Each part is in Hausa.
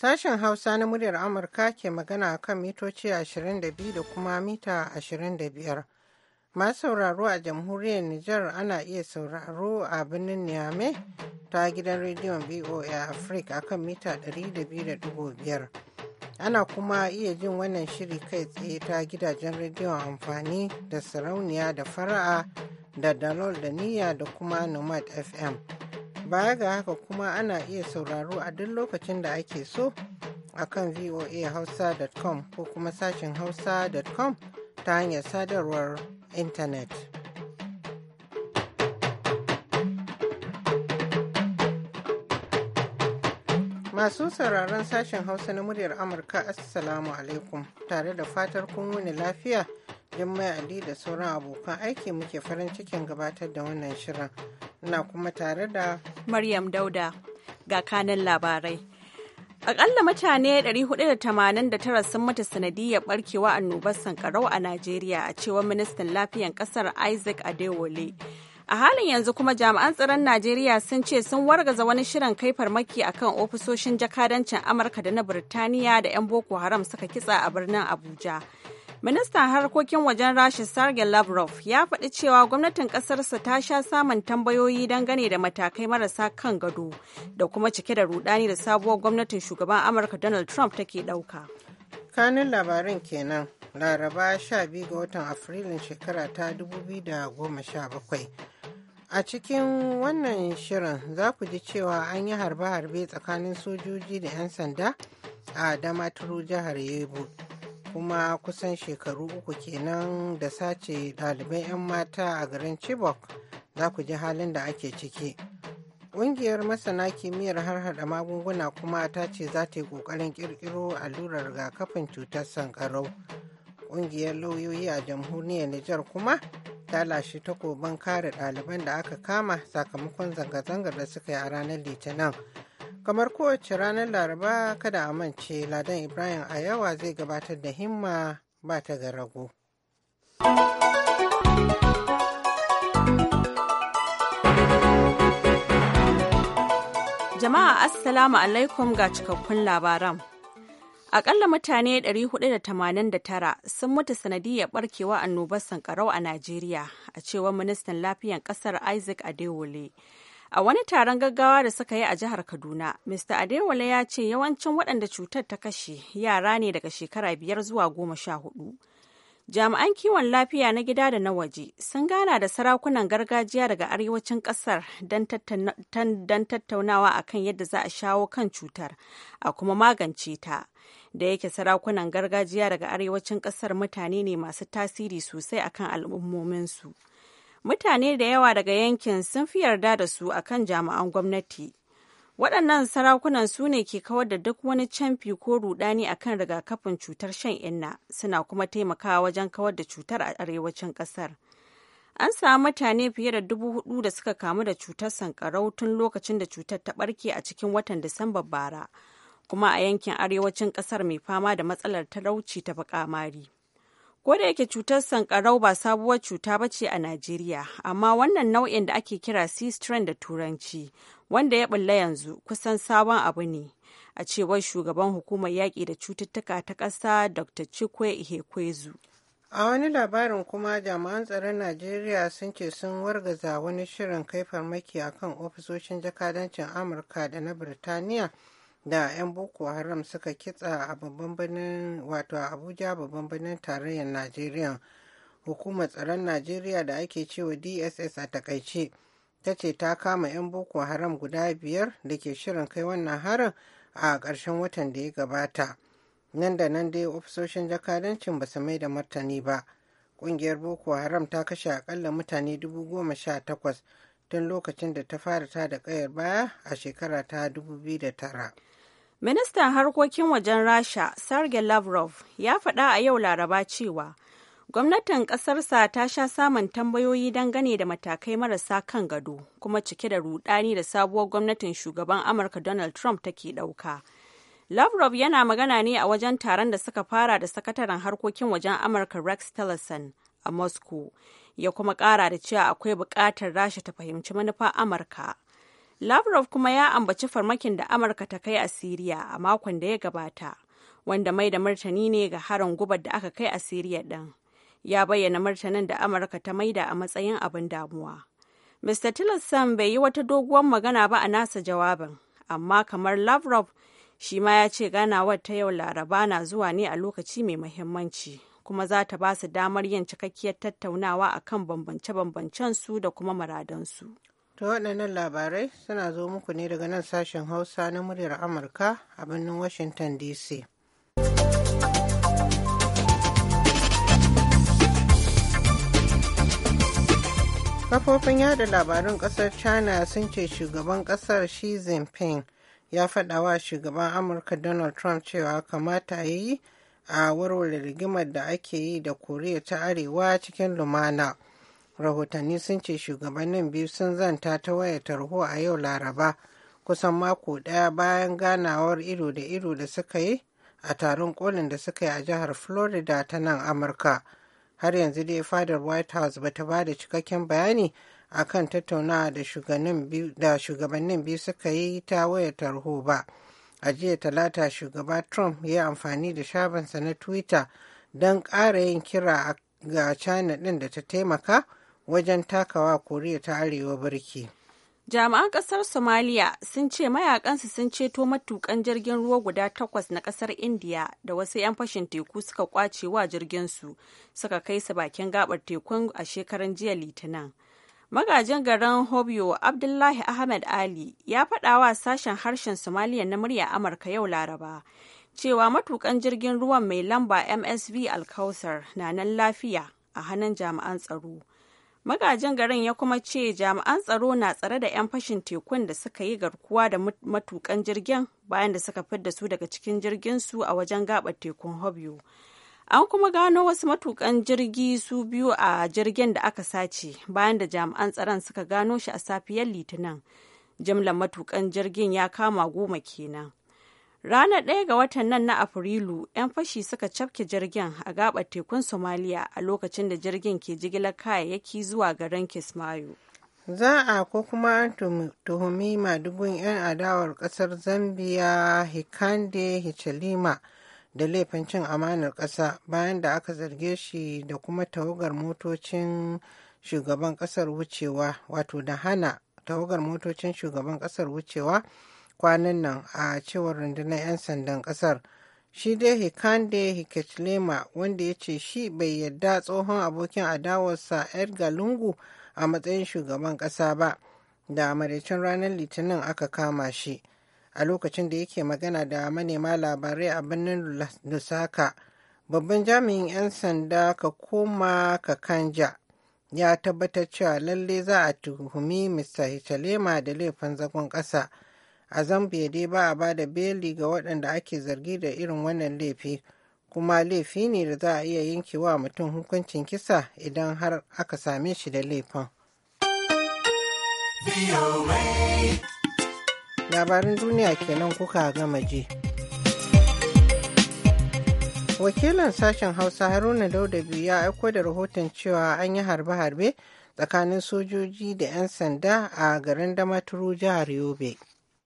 Sashen Hausa na muryar Amurka ke magana a kan mitoci 22 da kuma mita 25. Masu sauraro a jamhuriyar Nijar ana iya sauraro a birnin niame ta gidan rediyon BOA Africa kan mita 200.5. Ana kuma iya jin wannan shiri kai tsaye ta gidajen rediyon amfani da sarauniya da fara'a da dalol da niyya da kuma nomad FM. Baya ga haka kuma ana iya sauraro a duk lokacin da ake so a kan voahausa.com ko kuma sashen hausa.com ta hanyar sadarwar intanet. Masu sauraron sashen Hausa na muryar Amurka Assalamu alaikum tare da fatar kun wuni lafiya Jummai Ali da sauran abokan aiki muke farin cikin gabatar da wannan shirin. Ina kuma tare da Maryam Dauda ga kanan labarai. Akalla mutane 489 sun mutu sanadiyar barkewa annobar sankarau a Najeriya a cewar ministan lafiyan kasar Isaac Adewole. A halin yanzu kuma jami'an tsaron Najeriya sun ce sun wargaza wani shirin kai farmaki a kan ofisoshin jakadancin Amurka da na Birtaniya da 'yan Boko Haram suka kitsa a birnin Abuja. Ministan harkokin wajen Rasha Sergei Lavrov ya faɗi cewa gwamnatin ƙasarsa ta sha samun tambayoyi dangane da matakai marasa kan gado da kuma cike da rudani da sabuwar gwamnatin shugaban Amurka Donald Trump take ɗauka. Kanin labarin kenan Laraba 12 ga watan Afrilun shekara ta 2017. A cikin wannan shirin za ku ji cewa an yi harbe-harbe tsakanin sojoji da 'yan sanda a Damaturu jihar yebo kuma kusan shekaru uku kenan da sace ɗaliban 'yan mata a garin chibok za ku ji halin da ake ciki ƙungiyar masana kimiyyar harhaɗa magunguna kuma ta ce za ta yi ƙoƙarin ƙirƙiro allurar rigakafin cutar sankarau ƙungiyar lauyoyi a jamhuriyar nijar kuma ta lashe takobin kare ɗaliban da aka kama sakamakon zanga-zangar da suka yi a ranar litinin kamar kowace ranar laraba kada a mance ladan ibrahim a yawa zai gabatar da himma ba ta ga rago jama'a assalamu alaikum ga cikakkun labaran Akalla mutane 489 sun mutu sanadiyar barkewa annobar sankarau a Najeriya, a cewar ministan lafiyan kasar Isaac Adewole A wani taron gaggawa da suka yi a jihar Kaduna, Mr. Adewale ya ce yawancin waɗanda cutar ta kashe yara ne daga shekara biyar zuwa goma sha hudu. Jami'an kiwon lafiya na gida da na waje sun gana da sarakunan gargajiya daga arewacin ƙasar don tattaunawa a kan yadda za a shawo kan cutar a kuma magance ta. da yake sarakunan gargajiya daga arewacin ƙasar mutane ne masu tasiri sosai akan al'ummominsu. mutane da yawa daga yankin sun fi yarda da su akan jami'an gwamnati waɗannan sarakunan su ne ke kawar da duk wani camfi ko rudani a kan rigakafin cutar shan inna suna kuma taimakawa wajen kawar da cutar a arewacin ƙasar an samu mutane fiye da dubu hudu da suka kamu da cutar sankarau tun lokacin da cutar ta ɓarke a cikin watan disamba bara kuma a yankin arewacin ƙasar mai fama da matsalar talauci ta baƙamari Ko da yake cutar sankarau ba sabuwar cuta ba ce a Najeriya, amma wannan nau'in da ake kira C-strain da Turanci, wanda ya bulla yanzu kusan sabon abu ne. A cewar shugaban hukumar yaƙi da cututtuka ta ƙasa Dr. Chikwe Ihekwezu. A wani labarin kuma jami'an tsaron Najeriya sun ce sun wargaza wani shirin kai farmaki akan ofisoshin jakadancin Amurka da na Birtaniya. da 'yan boko haram suka kitsa a babban birnin wato abuja babban birnin tarayyar najeriya hukumar tsaron najeriya da ake cewa dss a takaice ta ce ta kama 'yan boko haram guda biyar da ke shirin kai wannan harin a ƙarshen watan da ya gabata nan da nan dai ofisoshin jakadancin ba su mai da martani ba ƙungiyar boko haram ta kashe akalla mutane dubu goma sha takwas tun lokacin da ta fara ta da ƙayar baya a shekara ta dubu biyu da tara Ministan harkokin wajen Rasha, Sergei Lavrov, ya faɗa a yau Laraba cewa gwamnatin ƙasarsa ta sha samun tambayoyi dangane da matakai marasa kan gado, kuma cike da rudani da sabuwar gwamnatin shugaban Amurka Donald Trump take ɗauka. Lavrov yana magana ne a wajen taron da suka fara da sakataren harkokin wajen Amurka Rex Tillerson a Moscow, ya kuma ƙara da cewa akwai buƙatar Rasha ta fahimci manufar Amurka. Lavrov kuma ya ambaci farmakin da Amurka ta kai a Siriya a makon da ya gabata, wanda mai da martani ne ga harin gubar da aka kai a Siriya ɗin. Ya bayyana martanin da Amurka ta maida a matsayin abin damuwa. Mr. Tillerson bai yi wata doguwar magana ba a nasa jawabin, amma kamar Lavrov shi ma ya ce ganawar ta yau Laraba na zuwa ne a lokaci mai muhimmanci. kuma za ta ba su damar yin cikakkiyar tattaunawa akan bambance-bambancen su da kuma muradansu. ta waɗannan labarai suna zo muku ne daga nan sashen hausa na muryar amurka a birnin washington dc kafofin yada labarun ƙasar china sun ce shugaban ƙasar xi jinping ya faɗa wa shugaban amurka donald trump cewa kamata ya yi a warware rigimar da ake yi da koriya ta arewa cikin lumana rahotanni sun ce shugabannin biyu sun zanta ta waya tarho a yau laraba kusan mako daya bayan ganawar ido da ido da suka yi a taron kolin da suka yi a jihar florida ta nan amurka har yanzu dai fadar white house bata ba da cikakken bayani a kan tattaunawa da shugabannin biyu suka yi ta waya tarho ba a jiya talata shugaba trump ya amfani da shabansa na twitter don ƙara yin kira ga china ɗin da ta taimaka wajen takawa koriya ta arewa birki jami'an kasar somaliya sun ce mayakansu sun ceto matukan jirgin ruwa guda takwas na kasar india da wasu 'yan fashin teku suka kwace wa jirginsu suka kai su bakin gabar tekun a shekaran jiya litinin magajin garin hobyo abdullahi ahmed ali ya faɗa wa sashen harshen somaliya na murya amurka yau laraba cewa matukan jirgin ruwan mai lamba msv alkausar na nan lafiya a hannun jami'an tsaro magajin garin ya kuma ce jami'an tsaro na tsare da 'yan fashin tekun da suka yi garkuwa da matukan jirgin bayan da suka fidda su daga cikin jirgin su a wajen gabar tekun hobyo an kuma gano wasu matukan jirgi su biyu a jirgin da aka sace bayan da jami'an tsaron suka gano shi a safiyar litinin jimlar matukan jirgin ya kama goma kenan Ranar ɗaya ga watan nan na Afrilu, 'yan fashi suka cafke jirgin a gabar tekun Somalia a lokacin da jirgin ke jigilar kayayyaki zuwa garin Kismayo. Za a ko kuma an tuhumi madugun 'yan adawar ƙasar Zambia Hikande Hichilima da laifin cin amanar ƙasa bayan da aka zarge shi da kuma tawagar motocin shugaban ƙasar wucewa wato da hana tawagar motocin shugaban ƙasar wucewa kwanan nan a cewar rundunar 'yan sandan kasar shi dai hikande hikechlema wanda ya ce shi bai yarda tsohon abokin adawarsa edgar lungu a matsayin shugaban kasa ba da maraicin ranar litinin aka kama shi a lokacin da yake magana da manema labarai a birnin lusaka babban jami'in 'yan sanda ka koma ka kanja ya tabbatar cewa lalle za a tuhumi mr Hitalema da laifin zagon ƙasa a zambia dai ba a ba da beli ga waɗanda ake zargi da irin wannan laifi kuma laifi ne da za a iya yankewa mutum hukuncin kisa idan har aka same shi da laifin labarin duniya kenan kuka gama je wakilin sashen hausa haruna dauda biyu ya aiko da rahoton cewa an yi harbe-harbe tsakanin sojoji da 'yan sanda a garin damaturu jihar yobe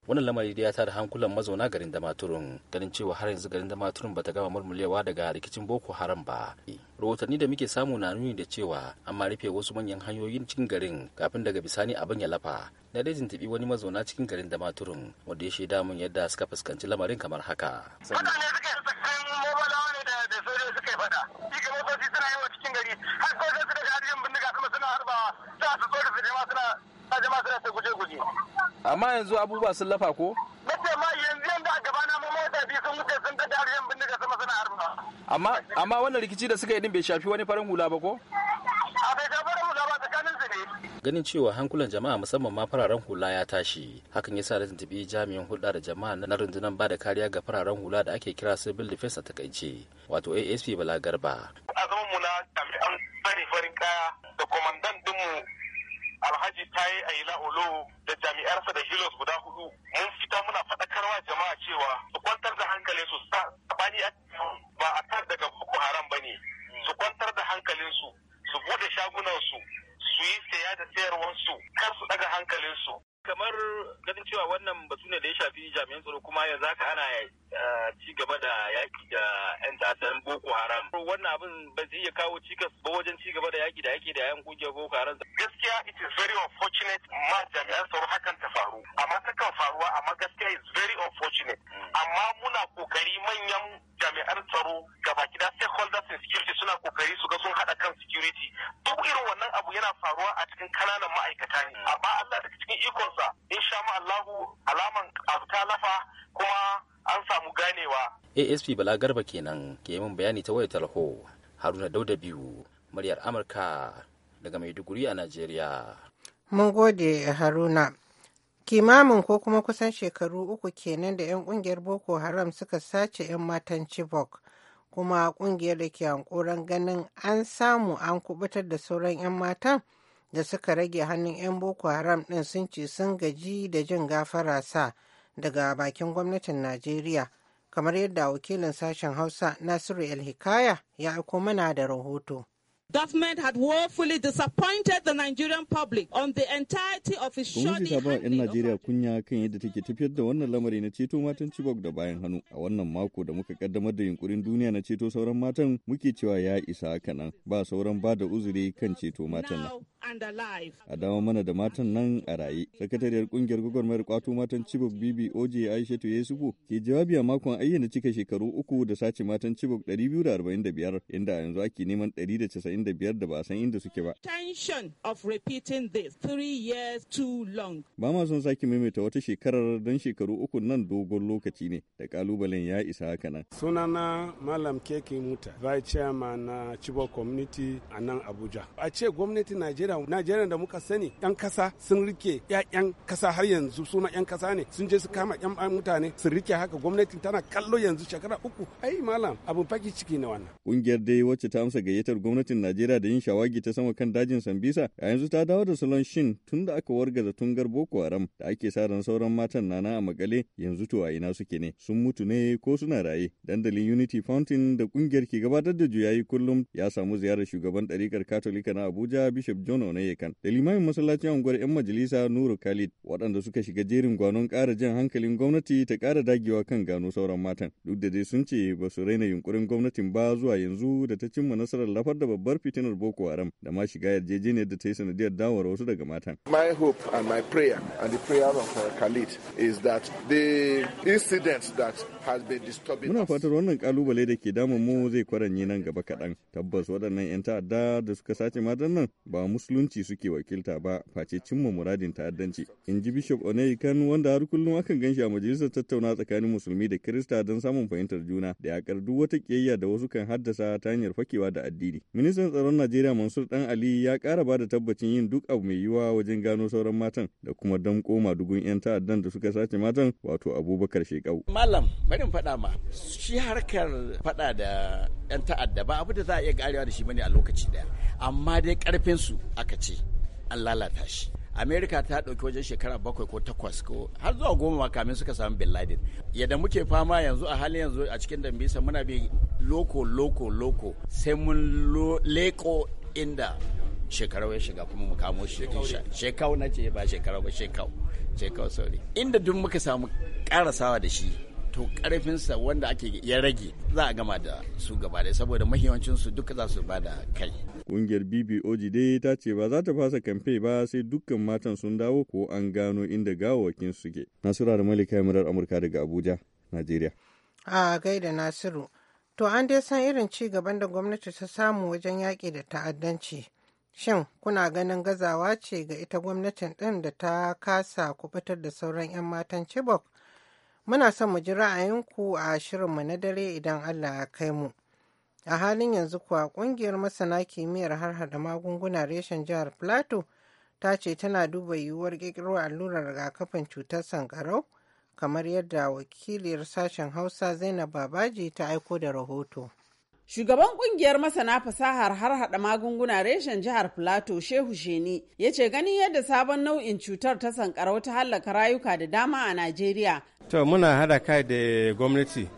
wannan lamari da ya tada hankulan mazauna garin damaturun ganin cewa har yanzu garin damaturun bata gama murmulewa daga rikicin boko haram ba rahotanni da muke samu na nuni da cewa an ma rufe wasu manyan hanyoyin cikin garin kafin daga bisani abin ya lafa na dai tafi wani mazauna cikin garin damaturun wanda ya shaida mun yadda suka fuskanci lamarin kamar haka fada shi suna cikin gari har sai daga suna harba za su suna ta Amma yanzu abubuwa sun lafa ko? mace ma yanzu yanzu a gaba na mota biyu sun wuce sun ta dariya bin sama suna harba. Amma wannan rikici da suka yi din bai shafi wani farin hula ba ko? A bai shafi farin hula ba tsakanin su ne. Ganin cewa hankulan jama'a musamman ma fararen hula ya tashi, hakan ya sa da tuntubi jami'in hulɗa da jama'a na rundunar ba da kariya ga fararen hula da ake kira civil defense a takaice, wato ASP Bala Garba. asp bala garba kenan ke min bayani ta wayar talho haruna dauda biyu muryar amurka daga maiduguri a najeriya mun gode haruna kimamin ko kuma kusan shekaru uku kenan da 'yan kungiyar boko haram suka sace 'yan matan chibok kuma kungiyar da ke hankoran ganin an samu an kubutar da sauran 'yan matan da suka rage hannun 'yan boko haram ɗin sun ci sun gaji da jin gafara sa daga bakin gwamnatin najeriya kamar yadda wakilin sashen hausa nasiru el hikaya ya aiko mana da rahoto government had woefully disappointed the Nigerian public on the entirety of its shoddy ta ba 'yan Najeriya kunya kan yadda take tafiyar da wannan lamari na ceto matan Chibok da bayan hannu. A wannan mako da muka kaddamar da yunkurin duniya na ceto sauran matan muke cewa ya isa haka nan ba sauran ba da uzuri kan ceto matan nan. A dawo mana da matan nan a raye. Sakatariyar kungiyar gwagwarmayar kwato matan Chibok Bibi Oje Aishatu Yesufu ke jawabi a makon ayyana cika shekaru uku da sace matan Chibok biyar inda a yanzu ake neman ɗari da 190 biyar da ba a san inda suke ba. Tension of repeating this three years too long. Ba ma son sake maimaita wata shekarar don shekaru uku nan dogon lokaci ne da kalubalen ya isa haka nan. Sunana Malam Keke Muta, Vice Chairman na Chibok Community a nan Abuja. A ce gwamnatin Najeriya, Najeriya da muka sani 'yan kasa sun rike 'ya'yan kasa har yanzu suna 'yan kasa ne sun je su kama 'yan mutane su rike haka gwamnatin tana kallo yanzu shekara uku ai malam abun faki ciki ne wannan. Kungiyar dai wacce ta amsa gayyatar gwamnatin Najeriya da yin shawagi ta sama kan dajin Sambisa a yanzu ta dawo da salon shin tun da aka wargaza tungar Boko Haram da ake sa ran sauran matan nana a makale yanzu to a ina suke ne sun mutu ne ko suna raye dandalin Unity Fountain da kungiyar ke gabatar da juyayi kullum ya samu ziyarar shugaban ɗarikar Katolika na Abuja Bishop John Onayekan da limamin masallacin unguwar 'yan majalisa Nuru Khalid waɗanda suka shiga jerin gwanon ƙara jan hankalin gwamnati ta ƙara dagewa kan gano sauran matan duk da dai sun ce ba su raina yunkurin gwamnatin ba zuwa yanzu da ta cimma nasarar lafar da babbar fitinar Boko Haram da ma shiga yarjejeniyar da ta yi sanadiyar dawowar wasu daga matan. My hope and my prayer and the prayer of Khalid is that the incident that has been disturbing Muna fatar wannan kalubale da ke damun mu zai kwaranye nan gaba kaɗan. Tabbas waɗannan 'yan ta'adda da suka sace matan nan ba musulunci suke wakilta ba face cimma muradin ta'addanci. In ji Bishop kan wanda har kullum akan ganshi a majalisar tattauna tsakanin musulmi da Kirista don samun fahimtar juna da yakar duk wata kiyayya da wasu kan haddasa ta hanyar fakewa da addini. ministan tsaron najeriya mansur dan ali ya kara ba da tabbacin yin duk abu mai yiwuwa wajen gano sauran matan da kuma damko madugun 'yan ta'addan da suka sace matan wato abubakar shekau malam bari faɗa ma shi harkar faɗa da 'yan ta'adda ba abu da za a iya garewa da shi bane a lokaci daya amma dai karfin su aka ce an lalata shi Amerika ta ɗauki wajen shekara bakwai ko takwas ko har zuwa goma kamin suka samu bin laden yadda muke fama yanzu a halin yanzu a cikin dambisa muna bi loko loko loko sai mun leko inda shekarau ya shiga kuma mu kamo shi shekau na ce ba shekarau ba shekau shekau sorry inda duk muka samu karasawa da shi to karfinsa wanda ake ya rage za a gama da su gaba da saboda mahimmancin su duka za su ba kai Ƙungiyar BBOJ dai ta ce ba za ta fasa kamfe ba sai dukkan matan sun dawo ko an gano inda gawakin suke. Nasura da Malika murar Amurka daga Abuja, Najeriya. A gaida Nasiru. To an dai san irin ci gaban da gwamnati ta samu wajen yaƙi da ta'addanci. Shin kuna ganin gazawa ce ga ita gwamnatin ɗin da ta kasa fitar da sauran 'yan matan Chibok? Muna son mu ji ra'ayinku a shirinmu na dare idan Allah ya kai mu. a halin yanzu kuwa kungiyar masana kimiyyar harhaɗa magunguna reshen jihar plateau ta ce tana duba yiwuwar kirkiro allurar rigakafin cutar sankarau kamar yadda wakiliyar sashen hausa zainab babaji ta aiko da rahoto Shugaban kungiyar masana fasahar har hada magunguna reshen jihar Plateau Shehu Sheni ya ce ganin yadda sabon nau'in cutar ta sankarau ta hallaka rayuka da dama a Najeriya. To muna hada kai da gwamnati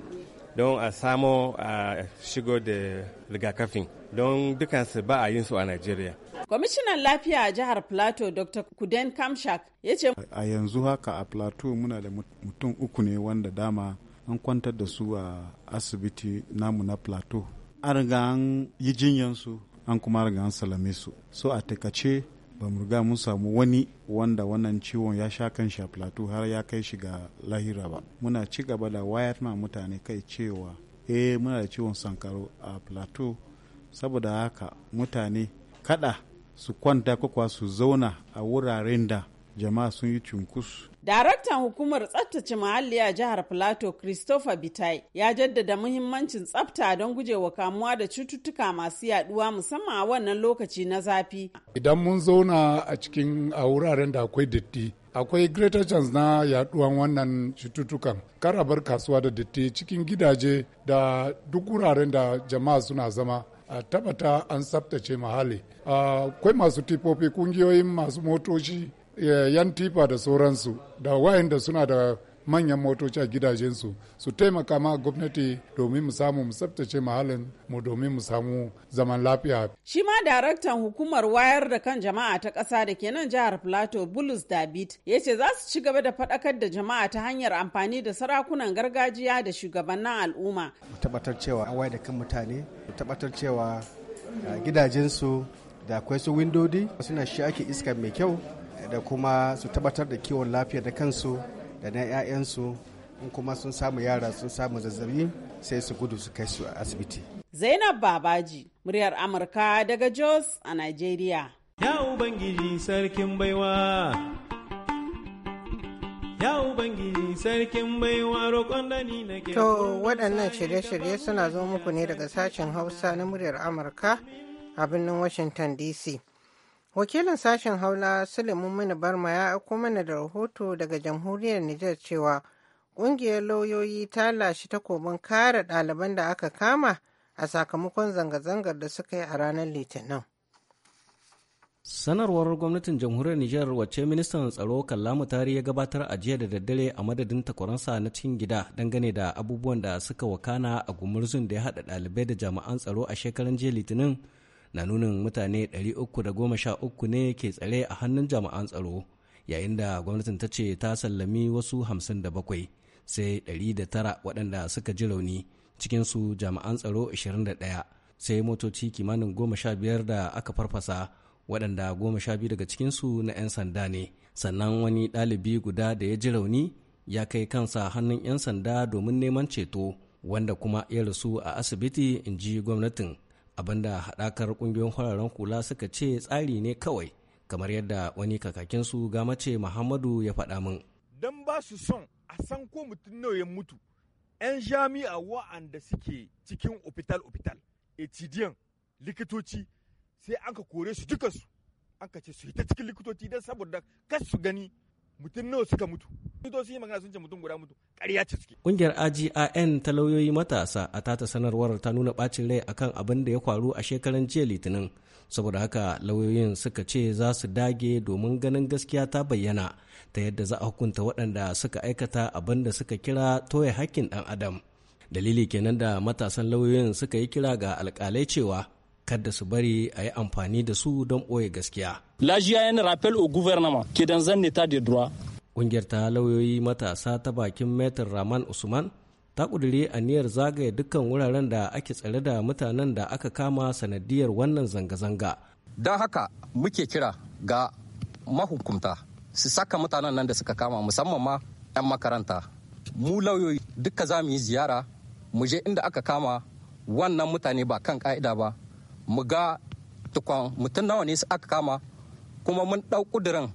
don a samo a shigo da rigakafin don dukansu ba a yin su a Najeriya. Kwamishinan lafiya a jihar Plateau Dr. Kuden Kamshak ya ce. A yanzu haka a Plateau muna da mutum uku ne wanda dama an kwantar da su a asibiti namu na Plateau. An riga an yi jinyansu an kuma riga an salame su. So a takace ba mu riga mun samu wani wanda wannan ciwon ya sha kan sha plateau har ya kai shi ga lahira ba muna ci gaba da wayar ma mutane kai cewa eh muna da ciwon sankaro a plateau saboda haka mutane kada su kwanta kwakwa su zauna a wuraren da jama'a sun yi cunkus. Daraktan hukumar tsaftace muhalli a jihar Plateau Christopher Bitai ya jaddada muhimmancin tsabta don gujewa kamuwa da cututtuka masu yaduwa musamman a wannan lokaci na zafi. Idan mun zauna a cikin a wuraren da akwai datti, akwai greater chance na yaduwan wannan cututtukan. Kar a bar kasuwa da datti cikin gidaje da duk wuraren da jama'a suna zama. a tabbata an tsabtace muhalli akwai masu tifofi kungiyoyin masu motoci yan tifa da sauransu da wayanda suna da manyan motoci a gidajensu su taimaka ma gwamnati domin mu samu mu tsabtace mahallin mu domin mu samu zaman lafiya. Shi ma daraktan hukumar wayar da kan jama'a ta ƙasa da ke nan jihar Plateau Bulus David ya ce za su ci gaba da faɗakar da jama'a ta hanyar amfani da sarakunan gargajiya da shugabannin al'umma. Mu tabbatar cewa an wayar da kan mutane, mu tabbatar cewa ah, gidajensu da akwai su windodi suna shi ake iska mai kyau da kuma su tabbatar da kiwon lafiya da kansu da na 'ya'yansu in kuma sun samu yara sun samu zazzabi sai su gudu su kai su a asibiti. Zainab Babaji, muryar Amurka daga Jos a nigeria. Ya Ubangiji sarkin baiwa. Ya Ubangiji sarkin baiwa roƙon da ni na To waɗannan shirye-shirye suna zo muku ne daga sashen Hausa na muryar Amurka a birnin Washington DC. Wakilin sashen haula Suleiman Mini Barma ya aiko mana da rahoto daga jamhuriyar Nijar cewa ƙungiyar lauyoyi ta lashe takobin kare ɗaliban da aka kama a sakamakon zanga-zangar da suka yi a ranar Litinin. Sanarwar gwamnatin jamhuriyar Nijar wacce ministan tsaro Kallamu Tari ya gabatar a jiya da daddare a madadin takwaransa na cikin gida dangane da abubuwan da suka wakana a gumurzun da ya haɗa ɗalibai da jami'an tsaro a shekaran jiya Litinin na nunin mutane 313 ne ke tsare a hannun jami'an tsaro yayin da gwamnatin ta ce ta sallami wasu 57 sai 109 waɗanda suka ji rauni cikinsu jami'an tsaro 21 sai motoci kimanin 15 da aka farfasa waɗanda 12 daga cikinsu na 'yan sanda ne sannan wani ɗalibi guda da ya ji rauni ya kai kansa hannun 'yan sanda domin neman ceto wanda kuma ya rasu a asibiti in ji gwamnatin abinda haɗakar ƙungiyoyin kwararren kula suka ce tsari ne kawai kamar yadda wani kakakinsu gamace muhammadu ya faɗa min don ba su son a san ko mutum nawa ya mutu 'yan jami'a wa'anda suke cikin opital opital etidiyan likitoci sai an ka kore su dukansu an ka ce su yi ta cikin likitoci don saboda kas su gani mutum nawa suka mutu to sun yi magana sun ce mutum guda mutu ƙarya ce suke ƙungiyar AGIN ta lauyoyi matasa a tata sanarwar ta nuna bacin rai akan abin da ya faru a shekaran jiya litinin saboda haka lauyoyin suka ce za su dage domin ganin gaskiya ta bayyana ta yadda za a hukunta waɗanda suka aikata abin da suka kira toye hakkin ɗan adam dalili kenan da matasan lauyoyin suka yi kira ga alƙalai cewa kada su bari a yi amfani da su don ɓoye gaskiya. Lajiya yana rappel au gouvernement qui dans un état de droit. Ƙungiyar ta lauyoyi matasa ta bakin Metin raman Usman ta a aniyar zagaye dukkan wuraren da ake tsare da mutanen da aka kama sanadiyar wannan zanga-zanga. Don haka muke kira ga mahukunta su saka mutanen nan da suka kama musamman ma 'yan makaranta. Mu lauyoyi duka za mu yi ziyara mu je inda aka kama wannan mutane ba kan ka'ida ba mu ga tukwan mutum nawa ne su aka kama kuma mun ɗau ƙudurin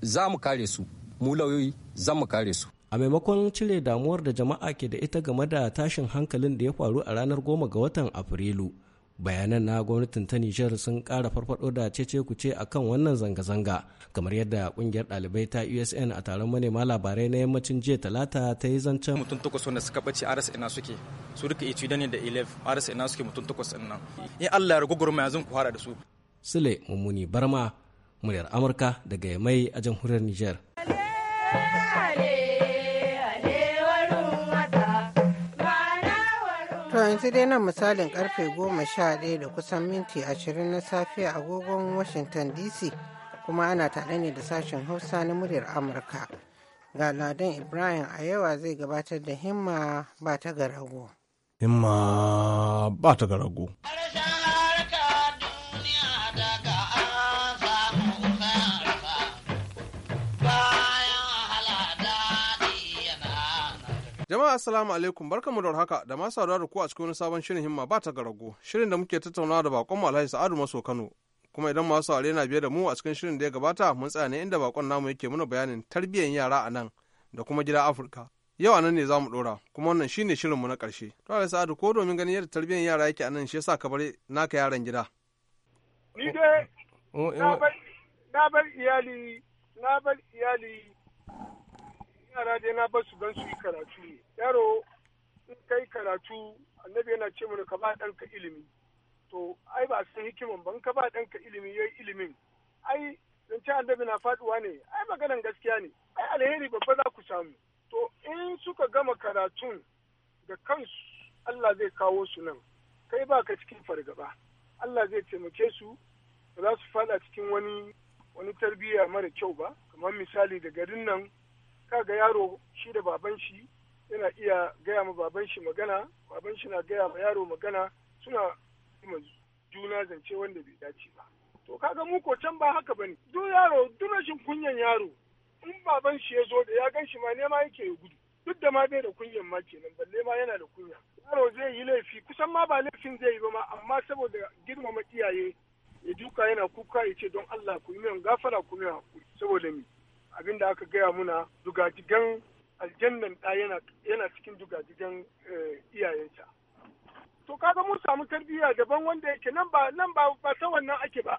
za mu kare su mu lauyoyi za mu kare su a maimakon cire damuwar da jama'a ke da ita game da tashin hankalin da ya faru a ranar goma ga watan afrilu bayanan na gwamnatin ta nijar sun kara farfado da cece kuce akan wannan zanga-zanga kamar yadda kungiyar dalibai ta usn a taron manema labarai na yammacin jiya talata ta yi zancen mutum takwas wanda suka bace aras ina suke su duka etudiant da ilef aras ina suke mutum takwas ɗin nan in allah ya ruguguru gurma yanzu ku fara da su sule mummuni barma muryar amurka daga mai a jamhuriyar nijar. yanzu dai nan misalin karfe goma sha ɗaya da kusan minti ashirin na safiya agogon Washington DC kuma ana tare ne da sashen Hausa na muryar Amurka. Ga Ladan Ibrahim a yawa zai gabatar da himma ba ta garago. Himma ba ta garago. Jama'a assalamu alaikum barkamu da haka da masu saduwa da ku a cikin wani sabon shirin himma ba ta garago shirin da muke tattaunawa da bakon mu Alhaji Sa'adu Maso Kano kuma idan masu saurare na biye da mu a cikin shirin da ya gabata mun tsaya ne inda bakon namu yake muna bayanin tarbiyyar yara a nan da kuma gida Afirka. Yau a nan ne za mu kuma wannan shine mu na ƙarshe. To Alhaji Sa'adu ko domin ganin yadda tarbiyyar yara yake a nan shi yasa ka bar naka yaran gida. Ni dai oh, oh, oh. na bar iyali na bar iyali yara dai na basu don su yi karatu ne yaro in kai karatu annabi yana ce mana ka ba ɗanka ilimi to ai ba san hikiman ban ka ba ɗanka ilimi yayi ilimin ai ce annabi na faduwa ne ai maganan gaskiya ne ai alheri babba za ku samu to in suka gama karatun da kansu Allah zai kawo su nan kai ba ka cikin fargaba Allah zai taimake su ba za su fada cikin wani wani tarbiyya mara kyau ba kamar misali da garin nan Ka ga yaro shi da baban shi yana iya gaya ma baban shi magana baban shi na gaya ma yaro magana suna ma juna zance wanda bai dace ba to kaga mu ko can ba haka bane duk yaro duk kunyan yaro in baban shi ya zo da ya gan shi ma nema yake ya gudu duk da ma bai da kunyan ma kenan balle ma yana da kunya yaro zai yi laifi kusan ma ba laifin zai yi ba ma amma saboda girmama iyaye ya duka yana kuka ya ce don Allah ku yi min gafara ku yi hakuri saboda ni abin da aka gaya muna dugajigan aljannan ɗa yana cikin dugajigan eh, iyayensa to kaga mun samu tarbiyya daban wanda yake nan ba nan ba ba ta wannan ake ba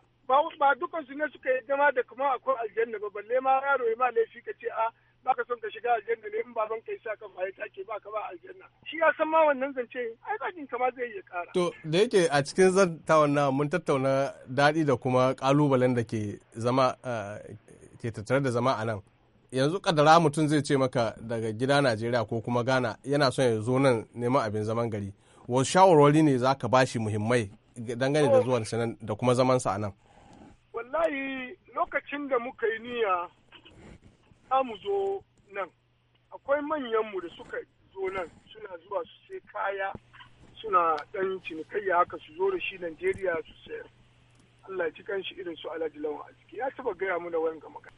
ba dukan su ne suka yi zama da kuma akwai aljanna ba balle ma yaro ya ma laifi ka ce a baka son ka shiga aljanna ne in baban ka yasa ka ya take ba ka ba aljanna shi ya san ma wannan zance ai ba jinka ma zai iya kara to da yake a cikin ta na mun tattauna daɗi da kuma kalubalen da ke zama eh, ke tattare da zama a nan yanzu kadara mutum zai ce maka daga gida najeriya ko kuma ghana yana son ya zo nan neman abin zaman gari wasu shawarwari ne za ka bashi muhimmai dangane da zuwan nan da kuma zaman sa a nan wallahi lokacin da muka yi niyya za mu zo nan akwai manyanmu da suka zo nan suna zuwa su sai kaya suna dan cinikayya haka su zo da shi najeriya su sayar Allah ya ci kanshi irin su Alhaji Lawan a ciki ya taba gaya muna wani ga magana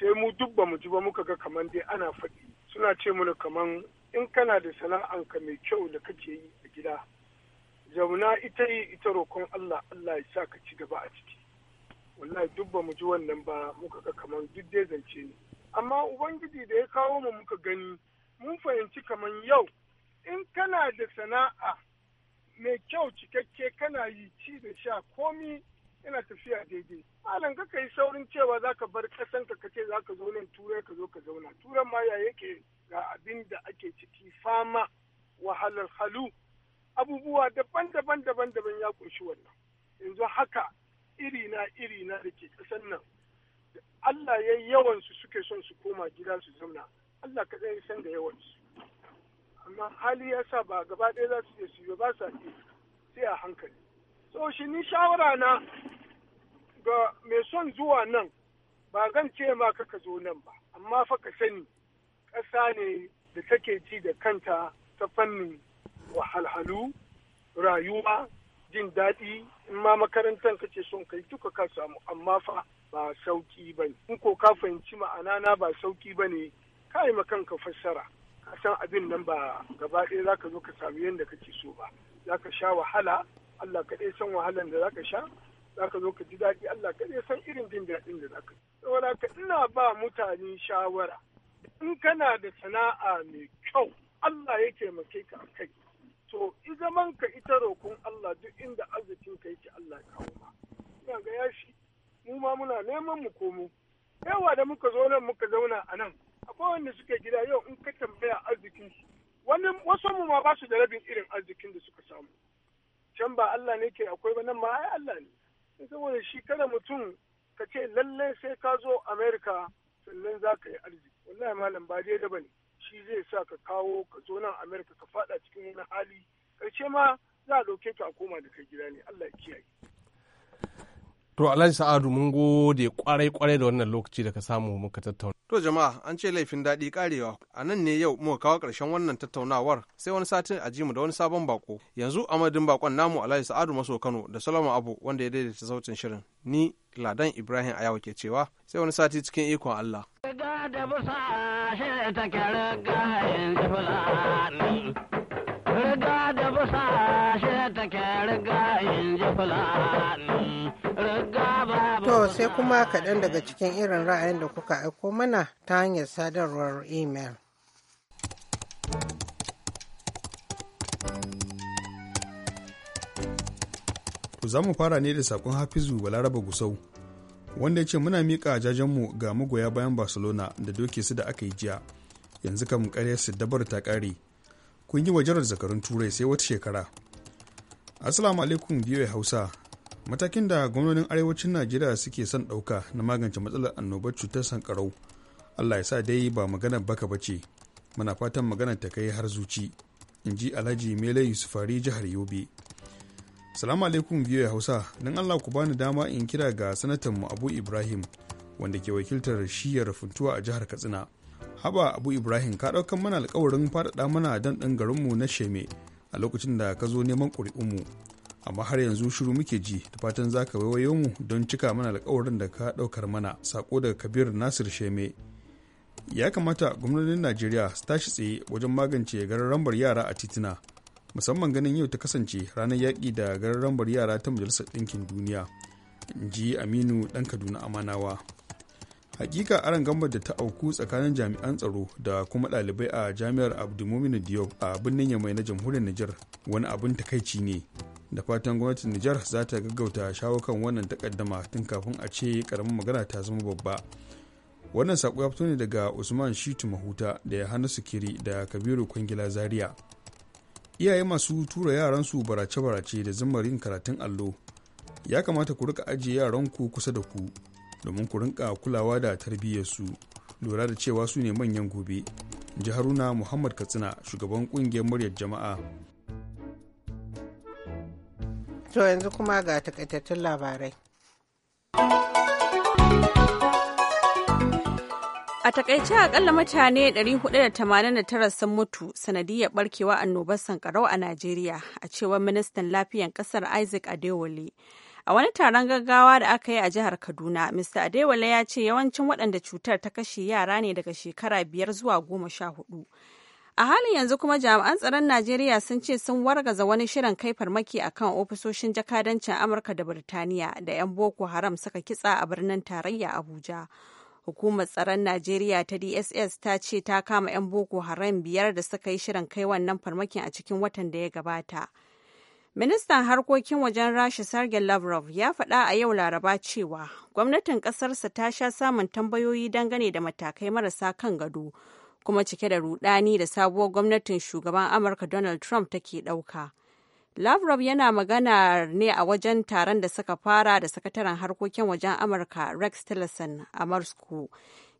sai mu duk ba mu ji ba muka ga kaman dai ana faɗi suna ce mana kaman in kana da sana'anka mai kyau da kake yi a gida zauna ita yi ita roƙon Allah Allah ya sa ka ci gaba a ciki wallahi duk ba mu ji wannan ba muka ga kaman duk dai zance ni. amma ubangiji da ya kawo mu muka gani mun fahimci kaman yau in kana da sana'a mai kyau cikakke kana yi ci da sha komi yana tafiya daidai malam ka yi saurin cewa zaka bar kasan ka kace zaka zo nan turai ka zo ka zauna turan ma ya yake ga abin da ake ciki fama wahalar halu abubuwa daban-daban daban-daban ya kunshi wannan yanzu haka iri na iri na da ke kasan nan Allah ya yawan su suke son su koma gida su zauna Allah kaɗai san da yawansu. amma hali ya sa ba gaba ɗaya za su je su yi ba sa ke sai a hankali so shi ni shawara na ga mai son zuwa nan ba gan ce ma kaka zo nan ba amma fa ka sani ƙasa ne da take ci da kanta ta fannin wahalhalu rayuwa jin daɗi in ma makarantar kake son kai duka ka samu amma fa ba sauki ba in ko ka fahimci ma'ana na ba sauki ba ne ka yi kanka fassara a san abin nan ba gaba ɗaya za ka zo ka samu yadda kake so ba za ka sha wahala Allah kaɗai san wahalan da za ka sha za ka zo ka ji daɗi Allah kaɗai san irin jin daɗin da za ka saboda ka ina ba mutane shawara in kana da sana'a mai kyau Allah ya taimake ka kai to i zaman ka ita roƙon Allah duk inda arzikin ka yake Allah ya kawo ma ina ga yashi mu ma muna neman mu komo yawa da muka zo nan muka zauna a nan akwai wanda suke gida yau in ka tambaya arzikin su wani wasu mu ma ba su da rabin irin arzikin da suka samu can ba Allah ne ke akwai ba nan ma ai Allah ne saboda shi kada mutum ka ce lalle sai ka zo America sannan za ka yi arziki wallahi malam ba dai da bane shi zai sa ka kawo ka zo nan America ka fada cikin wani hali karshe ma za a ɗauke ka a koma da kai gida ne Allah ya kiyaye To Alhaji Sa'adu mun gode kwarai kwarai da wannan lokaci da ka samu muka tattauna. To jama'a an ce laifin daɗi karewa a nan ne yau muka kawo ƙarshen wannan tattaunawar sai wani satin a mu da wani sabon bako. Yanzu madadin bakon namu Alhaji Sa'adu Maso Kano da Salamu Abu wanda ya daidaita sautin shirin ni Ladan Ibrahim Ayawa ke cewa sai wani sati cikin ikon Allah. Riga da busa shi take riga ga in Riga fulani. sai kuma kaɗan daga cikin irin ra'ayin da kuka aiko mana ta hanyar sadarwar email. To za mu fara ne da sakon Hafizu Balaraba Gusau, wanda ya ce muna miƙa jajenmu ga magoya bayan Barcelona da doke su da aka yi jiya, yanzu kam kare su dabar ta ƙare. Kun yi wajarar zakarun Turai sai wata shekara. Assalamu alaikum biyoyi Hausa, matakin da gwamnonin arewacin najeriya suke son ɗauka na magance matsalar annobar cutar sankarau allah ya sa dai ba magana baka ba ce muna fatan magana ta kai har zuci in ji alhaji mele yusufari jihar yobe salamu alaikum biyu hausa don allah ku bani dama in kira ga sanatan mu abu ibrahim wanda ke wakiltar shiyar funtuwa a jihar katsina haba abu ibrahim ka ɗaukan mana alkawarin faɗaɗa mana dan ɗan garinmu na sheme a lokacin da ka zo neman ƙuri'unmu amma har yanzu shiru muke ji da fatan za ka waiwayo mu don cika mana alkawarin da ka ɗaukar mana sako daga kabir nasir sheme ya kamata gwamnatin najeriya su tashi tsaye wajen magance gararambar yara a titina musamman ganin yau ta kasance ranar yaƙi da gararambar yara ta majalisar ɗinkin duniya in ji aminu ɗan kaduna amanawa hakika aron gambar da ta auku tsakanin jami'an tsaro da kuma ɗalibai a jami'ar abdulmumin diop a birnin yamai na jamhuriyar niger wani abin takaici ne da fatan gwamnatin nijar za ta gaggauta shawo kan wannan takaddama tun kafin a ce karamin magana ta zama babba wannan saƙo ya fito ne daga usman shitu mahuta da hannu sukiri da kabiru kwangila zaria iyaye masu tura yaransu barace-barace da zimmar yin karatun allo ya kamata ku rika ajiye yaranku kusa da ku domin ku rinka kulawa da tarbiyyarsu lura da cewa su ne manyan gobe haruna muhammad katsina shugaban kungiyar muryar jama'a To yanzu kuma ga takaitattun labarai. A takaice akalla mutane 489 sun mutu sanadiyar barkewa annobar sankarau a Najeriya a cewar ministan lafiyan kasar Isaac Adewale. A wani taron gaggawa da aka yi a jihar Kaduna, Mr. Adewale ya ce yawancin waɗanda cutar ta kashe yara ne daga shekara biyar zuwa goma sha hudu. A halin yanzu kuma jami'an tsaron Najeriya sun ce sun wargaza wani shirin kai farmaki a kan ofisoshin jakadancin Amurka da Birtaniya da 'yan Boko Haram suka kitsa a birnin tarayya Abuja. Hukumar tsaron Najeriya ta DSS ta ce ta kama 'yan Boko Haram biyar da suka yi shirin kai wannan farmakin a cikin watan da ya gabata. Ministan harkokin wajen Rasha Sergei Lavrov ya faɗa a yau Laraba cewa gwamnatin ƙasarsa ta sha samun tambayoyi dangane da matakai marasa kan gado kuma cike da rudani da sabuwar gwamnatin shugaban amurka donald trump take ɗauka lavrov yana magana ne a wajen taron da suka fara da sakataren harkokin wajen amurka rex tillerson a moscow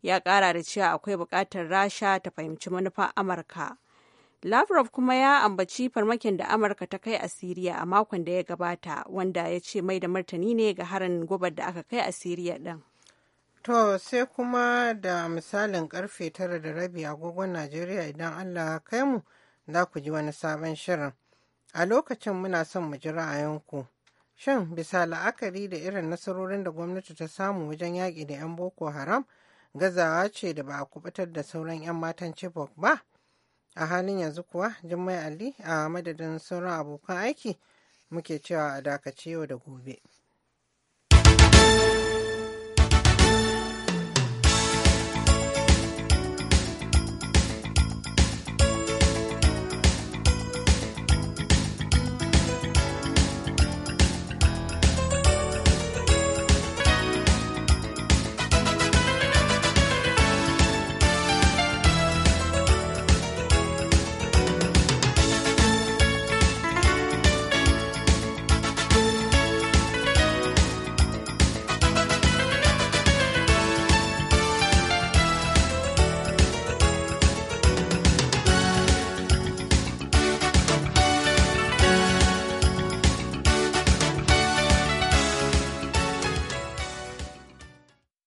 ya kara da cewa akwai bukatar rasha ta fahimci manufar amurka lavrov kuma ya ambaci farmakin da amurka ta kai a siriya a makon da ya gabata wanda ya ce mai da martani ne ga harin gobar da aka kai a siriya din To sai kuma da misalin karfe tara da rabi agogon Najeriya idan Allah kai mu za ku ji wani sabon shirin. A lokacin muna son mu ji ra'ayinku. Shin bisa la'akari da irin nasarorin da gwamnati ta samu wajen yaƙi da 'yan Boko Haram gazawa ce da ba a kubutar da sauran 'yan matan Chibok ba? A halin yanzu kuwa Jummai Ali a madadin sauran abokan aiki muke cewa a dakace yau da gobe.